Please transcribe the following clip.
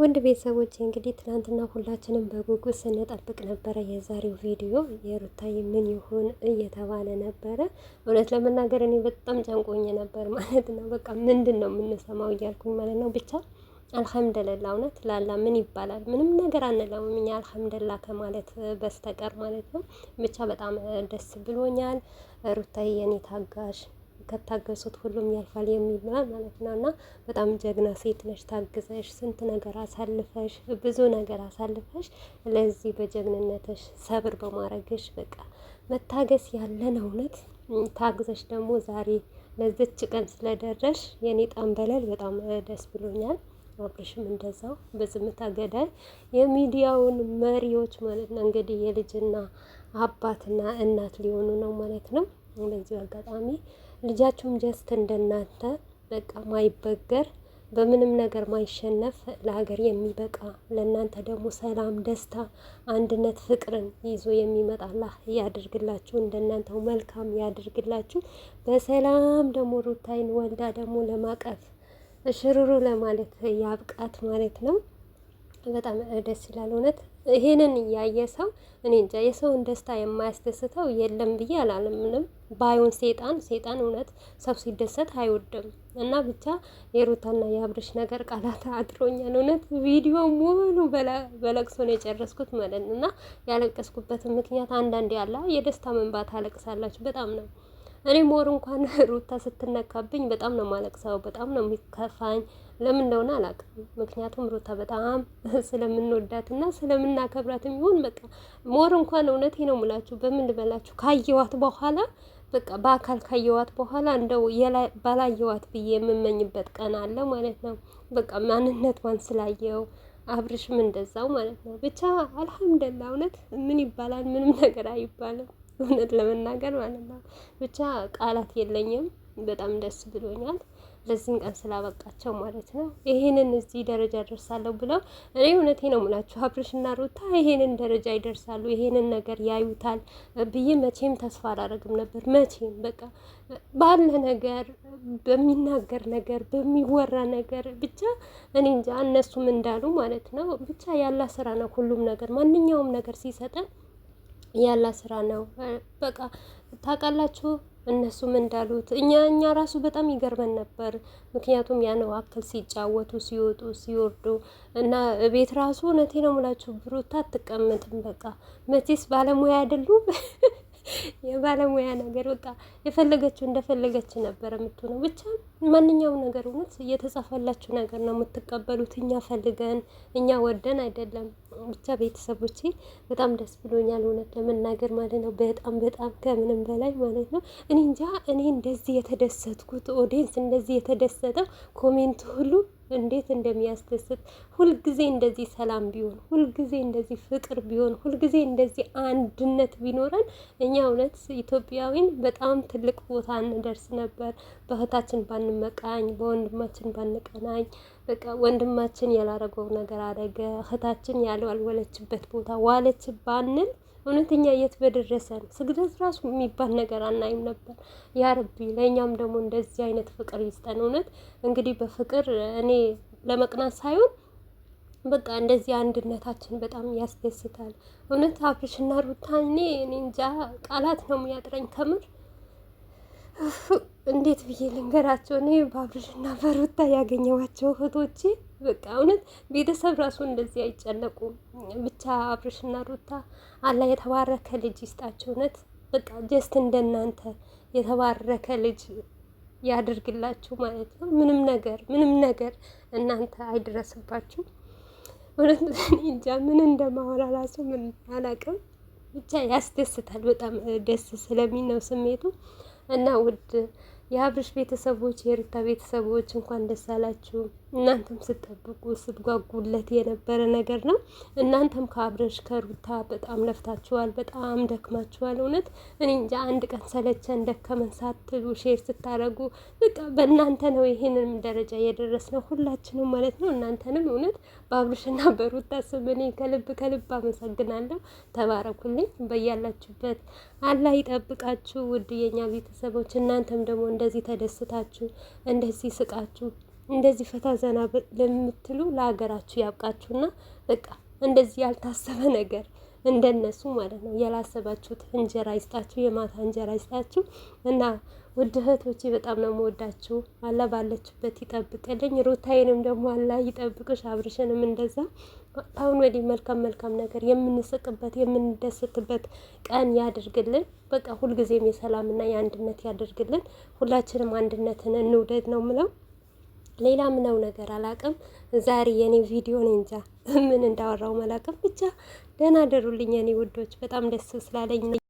ውድ ቤተሰቦች እንግዲህ ትናንትና ሁላችንም በጉጉት ስንጠብቅ ነበረ። የዛሬው ቪዲዮ የሩታዬ ምን ይሆን እየተባለ ነበረ። እውነት ለመናገር እኔ በጣም ጨንቆኝ ነበር ማለት ነው። በቃ ምንድን ነው የምንሰማው እያልኩኝ ማለት ነው። ብቻ አልሐምደለላ እውነት ላላ ምን ይባላል ምንም ነገር አንለም እኛ አልሐምደላ ከማለት በስተቀር ማለት ነው። ብቻ በጣም ደስ ብሎኛል። ሩታዬ የኔ ታጋሽ ከታገሱት ሁሉም ያልፋል የሚባል ማለት ነው። እና በጣም ጀግና ሴት ነሽ። ታግዘሽ ስንት ነገር አሳልፈሽ ብዙ ነገር አሳልፈሽ ለዚህ በጀግንነትሽ ሰብር በማድረግሽ በቃ መታገስ ያለን እውነት ታግዘሽ ደግሞ ዛሬ ለዚች ቀን ስለደረሽ የኔ ጠንበለል በጣም ደስ ብሎኛል። አብርሽም እንደዛው በዝምታ ገዳይ የሚዲያውን መሪዎች ማለት ነው እንግዲህ የልጅና አባትና እናት ሊሆኑ ነው ማለት ነው። በዚሁ አጋጣሚ ልጃችሁም ጀስት እንደናንተ በቃ ማይበገር በምንም ነገር ማይሸነፍ ለሀገር የሚበቃ ለእናንተ ደግሞ ሰላም፣ ደስታ፣ አንድነት፣ ፍቅርን ይዞ የሚመጣ አላህ ያድርግላችሁ። እንደናንተው መልካም ያድርግላችሁ። በሰላም ደግሞ ሩታይን ወልዳ ደግሞ ለማቀፍ እሽሩሩ ለማለት ያብቃት ማለት ነው። በጣም ደስ ይላል እውነት። ይሄንን እያየ ሰው እኔ እንጃ የሰውን ደስታ የማያስደስተው የለም ብዬ አላለም። ምንም ባይሆን ሴጣን ሴጣን እውነት ሰው ሲደሰት አይወድም። እና ብቻ የሩታና የአብርሽ ነገር ቃላት አድሮኛል። እውነት ቪዲዮ ሙሉ በለቅሶ ነው የጨረስኩት ማለት ነው። እና ያለቀስኩበትን ምክንያት አንዳንድ ያለ የደስታ መንባት አለቅሳላችሁ በጣም ነው እኔ ሞር እንኳን ሩታ ስትነካብኝ በጣም ነው ማለቅሰው፣ በጣም ነው የሚከፋኝ። ለምን እንደሆነ አላውቅም። ምክንያቱም ሩታ በጣም ስለምንወዳትና ስለምናከብራት የሚሆን በቃ ሞር እንኳን እውነቴ ነው የምላችሁ በምን ልበላችሁ ካየዋት በኋላ በቃ በአካል ካየዋት በኋላ እንደው ባላየዋት ብዬ የምመኝበት ቀን አለ ማለት ነው። በቃ ማንነቷን ስላየው አብርሽም እንደዛው ማለት ነው። ብቻ አልሐምደላ እውነት ምን ይባላል? ምንም ነገር አይባልም እውነት ለመናገር ማለት ነው። ብቻ ቃላት የለኝም። በጣም ደስ ብሎኛል። ለዚህን ቀን ስላበቃቸው ማለት ነው። ይሄንን እዚህ ደረጃ ደርሳለሁ ብለው እኔ እውነቴ ነው የምላችሁ አብርሽና ሩታ ይሄንን ደረጃ ይደርሳሉ፣ ይሄንን ነገር ያዩታል ብዬ መቼም ተስፋ አላደረግም ነበር። መቼም በቃ ባለ ነገር፣ በሚናገር ነገር፣ በሚወራ ነገር ብቻ እኔ እንጃ እነሱም እንዳሉ ማለት ነው። ብቻ ያላ ስራ ነው ሁሉም ነገር ማንኛውም ነገር ሲሰጠን ያላ ስራ ነው። በቃ ታውቃላችሁ እነሱም እንዳሉት እኛ እኛ ራሱ በጣም ይገርመን ነበር። ምክንያቱም ያን ዋክል ሲጫወቱ ሲወጡ ሲወርዱ እና ቤት ራሱ እውነቴ ነው የምላችሁ ብሩታ አትቀመጥም። በቃ መቼስ ባለሙያ አይደሉም። የባለሙያ ነገር በቃ የፈለገችው እንደፈለገች ነበር የምትሆነው። ብቻ ማንኛውም ነገር እውነት የተጻፈላችሁ ነገር ነው የምትቀበሉት። እኛ ፈልገን እኛ ወደን አይደለም። ብቻ ቤተሰቦቼ በጣም ደስ ብሎኛል፣ እውነት ለመናገር ማለት ነው። በጣም በጣም ከምንም በላይ ማለት ነው። እኔ እንጃ እኔ እንደዚህ የተደሰትኩት ኦዲየንስ እንደዚህ የተደሰተው ኮሜንት ሁሉ እንዴት እንደሚያስደስት ሁልጊዜ እንደዚህ ሰላም ቢሆን፣ ሁልጊዜ እንደዚህ ፍቅር ቢሆን፣ ሁልጊዜ እንደዚህ አንድነት ቢኖረን እኛ እውነት ኢትዮጵያዊን በጣም ትልቅ ቦታ እንደርስ ነበር። በእህታችን ባንመቃኝ፣ በወንድማችን ባንቀናኝ በቃ ወንድማችን ያላረገው ነገር አረገ፣ እህታችን ያልዋለችበት ቦታ ዋለች ባንል እውነተኛ የት በደረሰ ነው። ስግደት ራሱ የሚባል ነገር አናይም ነበር። ያ ረቢ ለእኛም ደግሞ እንደዚህ አይነት ፍቅር ይስጠን። እውነት እንግዲህ በፍቅር እኔ ለመቅናት ሳይሆን በቃ እንደዚህ አንድነታችን በጣም ያስደስታል። እውነት አብርሽና ሩታ እኔ እንጃ ቃላት ነው የሚያጥረኝ ከምር እንዴት ብዬ ልንገራቸው ነው? በአብርሽና በሩታ ያገኘዋቸው እህቶቼ በቃ እውነት ቤተሰብ ራሱ እንደዚህ አይጨነቁም። ብቻ አብርሽና ሩታ አላ የተባረከ ልጅ ይስጣቸው። እውነት በቃ ጀስት እንደናንተ የተባረከ ልጅ ያደርግላችሁ ማለት ነው። ምንም ነገር ምንም ነገር እናንተ አይደረስባችሁ። እውነት እንጃ ምን እንደማወራ ራሱ ምን አላቅም። ብቻ ያስደስታል። በጣም ደስ ስለሚል ነው ስሜቱ እና ውድ የአብርሽ ቤተሰቦች የሩታ ቤተሰቦች እንኳን ደስ አላችሁ። እናንተም ስትጠብቁ ስትጓጉለት የነበረ ነገር ነው። እናንተም ከአብረሽ ከሩታ በጣም ለፍታችኋል፣ በጣም ደክማችኋል። እውነት እኔ እንጃ አንድ ቀን ሰለቸን ደከመን ሳትሉ ሼር ስታደርጉ በቃ በእናንተ ነው ይህንንም ደረጃ ነው ሁላችንም ማለት ነው። እናንተንም እውነት በአብረሽና በሩታ ስም እኔ ከልብ ከልብ አመሰግናለሁ። ተባረኩልኝ በያላችሁበት አላ ይጠብቃችሁ ውድ የኛ ቤተሰቦች። እናንተም ደግሞ እንደዚህ ተደስታችሁ እንደዚህ ስቃችሁ እንደዚህ ፈታ ዘና ለምትሉ ለሀገራችሁ ያብቃችሁና በቃ እንደዚህ ያልታሰበ ነገር እንደነሱ ማለት ነው ያላሰባችሁት እንጀራ ይስጣችሁ፣ የማታ እንጀራ ይስጣችሁ። እና ውድ እህቶቼ በጣም ነው የምወዳችሁ። አላ ባለችበት ይጠብቅልኝ። ሩታዬንም ደግሞ አላ ይጠብቅሽ፣ አብርሽንም እንደዛ። አሁን ወዲህ መልካም መልካም ነገር የምንስቅበት የምንደስትበት ቀን ያድርግልን። በቃ ሁልጊዜም የሰላምና የአንድነት ያድርግልን። ሁላችንም አንድነትን እንውደድ ነው ምለው ሌላ ምነው ነገር አላቅም። ዛሬ የኔ ቪዲዮ ነው እንጃ ምን እንዳወራው መላቅም ብቻ ደህና ደሩልኝ የኔ ውዶች፣ በጣም ደስ ስላለኝ